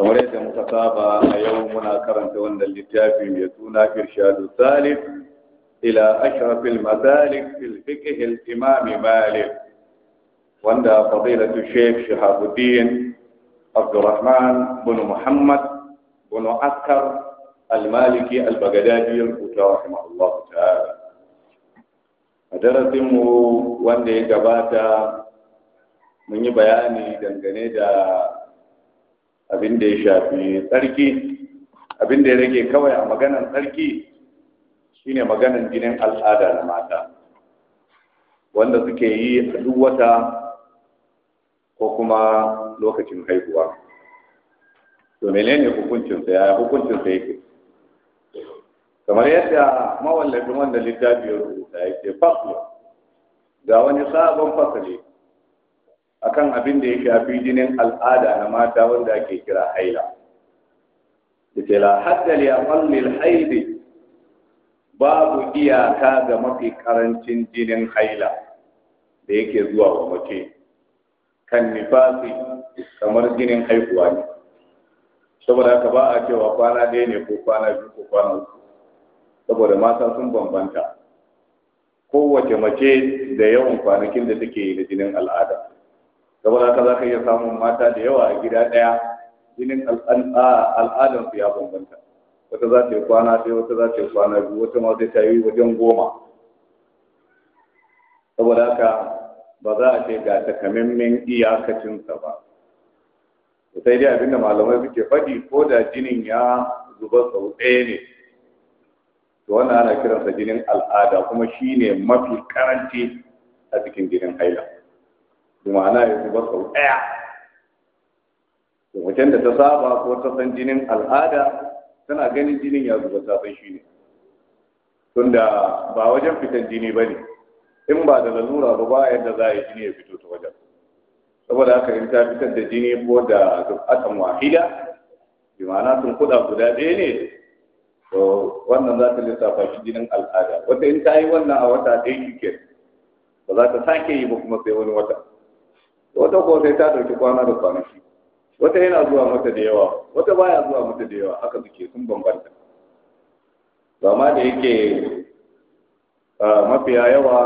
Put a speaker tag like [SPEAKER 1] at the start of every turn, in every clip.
[SPEAKER 1] kamar yadda muka saba a yau muna karanta wannan littafi mai suna irshadu salif ila ashrafil masalik fil fiqh al imam malik wanda fadilatu shaykh shahabuddin abdurrahman bin muhammad bin askar al-maliki al-baghdadi rubuta rahimahullah ta'ala a darasin mu wanda ya gabata mun yi bayani dangane da abin da ya shafi tsarki abin da ya rage kawai a maganan tsarki shine maganan jinin al'ada na mata wanda suke yi a duk wata ko kuma lokacin haihuwa to menene hukuncinsa ya hukuncinsa yake kamar yadda mawallafin wanda littafi ya rubuta ce faslo ga wani sabon fasali akan abin da ya shafi jinin al'ada na mata wanda ake kira haila yace la hadda li aqallil haidi babu iyaka ga mafi karancin jinin haila da yake zuwa wa mace kan nifasi kamar jinin haihuwa ne saboda haka ba a cewa kwana ɗaya ne ko kwana biyu ko kwana uku saboda mata sun bambanta kowace mace da yawan kwanakin da take yi da jinin al'ada saboda ka za ka iya samun mata da yawa a gida ɗaya jinin al'adansu ya bambanta wata za ta yi kwana ɗaya wata za ta yi kwana biyu wata ma sai ta yi wajen goma saboda haka ba za a ce ga takamaiman iyakacinsa ba sai dai abinda malamai suke faɗi ko da jinin ya zuba sau ɗaya ne to wannan ana kiransa jinin al'ada kuma shine mafi karanci a cikin jinin haila bi ma'ana ya zuba sau ɗaya wajen da ta saba ko ta san jinin al'ada tana ganin jinin ya zuba ta shi ne tunda ba wajen fitan jini ba ne in ba da lalura ba ba yadda za a yi jini ya fito ta wajen saboda haka in ta fitar da jini ko da dukkan wahida bi sun kuɗa guda ɗaya ne to wannan za ta lissafa shi jinin al'ada wata in ta yi wannan a wata ɗaya shi ke ba za ta sake yi ba kuma sai wani wata wata ko sai ta dauki kwana da kwanaki wata yana zuwa mata da yawa wata baya zuwa mata da yawa haka suke sun bambanta ba ma da yake mafiya yawa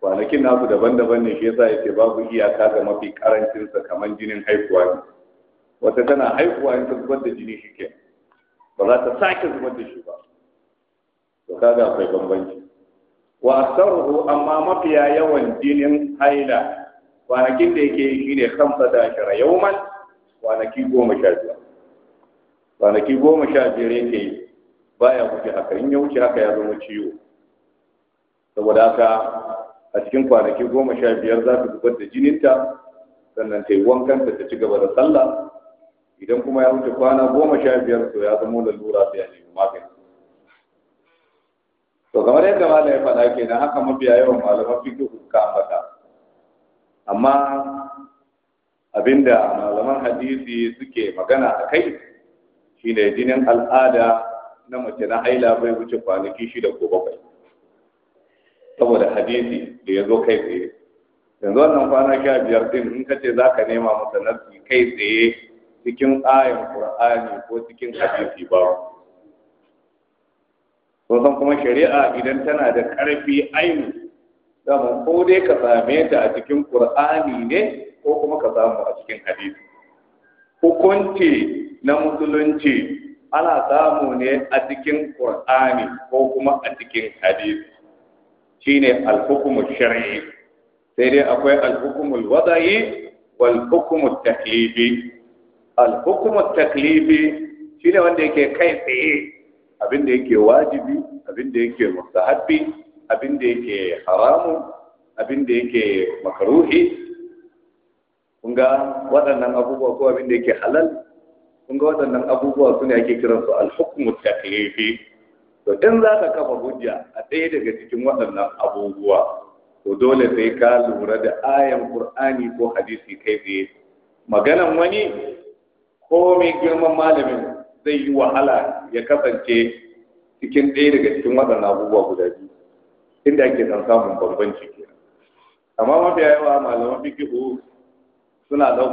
[SPEAKER 1] kwanakin nasu daban-daban ne shi yasa yake babu iyaka ga mafi sa kamar jinin haihuwa ne wata tana haihuwa in ta zubar da jini shi ke ba za ta sake zubar da shi ba to kaga akwai bambanci wa asaruhu amma mafiya yawan jinin haila kwanakin da yake yi ne kamsa da yau man kwanaki goma sha biyar kwanaki goma sha biyar yake yi baya wuce haka in ya wuce haka ya zama ciwo saboda haka a cikin kwanaki goma sha biyar za ta zubar da jininta sannan ta yi wankanta ta ci gaba da sallah idan kuma ya wuce kwana goma sha biyar to ya zama lalura sai ya nemi magani to kamar yadda malam ya faɗa kenan haka mafiya yawan malaman fiqh ka fata amma
[SPEAKER 2] abinda malaman
[SPEAKER 1] hadisi suke magana a kai shi ne jinin al'ada na mace na haila bai wuce kwanaki shida ko bakwai saboda hadisi da ya zo kai tsaye yanzu wannan kwana sha biyar din in ka ce za ka nema masa nasi kai tsaye cikin ayan ƙur'ani ko cikin hadisi ba kun kuma shari'a idan tana da ƙarfi aini dama ko dai ka same ta a cikin qur'ani ne ko kuma ka samu a cikin hadisi hukunci na musulunci ana samu ne a cikin qur'ani ko kuma a cikin hadisi shine al-hukmu shar'i sai dai akwai al-hukmu al-wada'i wal taklifi al-hukmu taklifi shine wanda yake kai tsaye abin da yake wajibi abinda yake mustahabbi abin da yake haramu abin da yake makaruhi kun ga waɗannan abubuwa ko abin da yake halal kun ga waɗannan abubuwa su ne ake kiransu alhukumu taklifi to in za ka kafa hujja a ɗaya daga cikin waɗannan abubuwa to dole sai ka lura da ayan qur'ani ko hadisi kai tsaye maganan wani ko mai girman malamin zai yi wahala ya kasance cikin ɗaya daga cikin waɗannan abubuwa guda biyu inda ake dan samun bambanci ciki amma mafi yawa malaman fikihu suna ɗaukar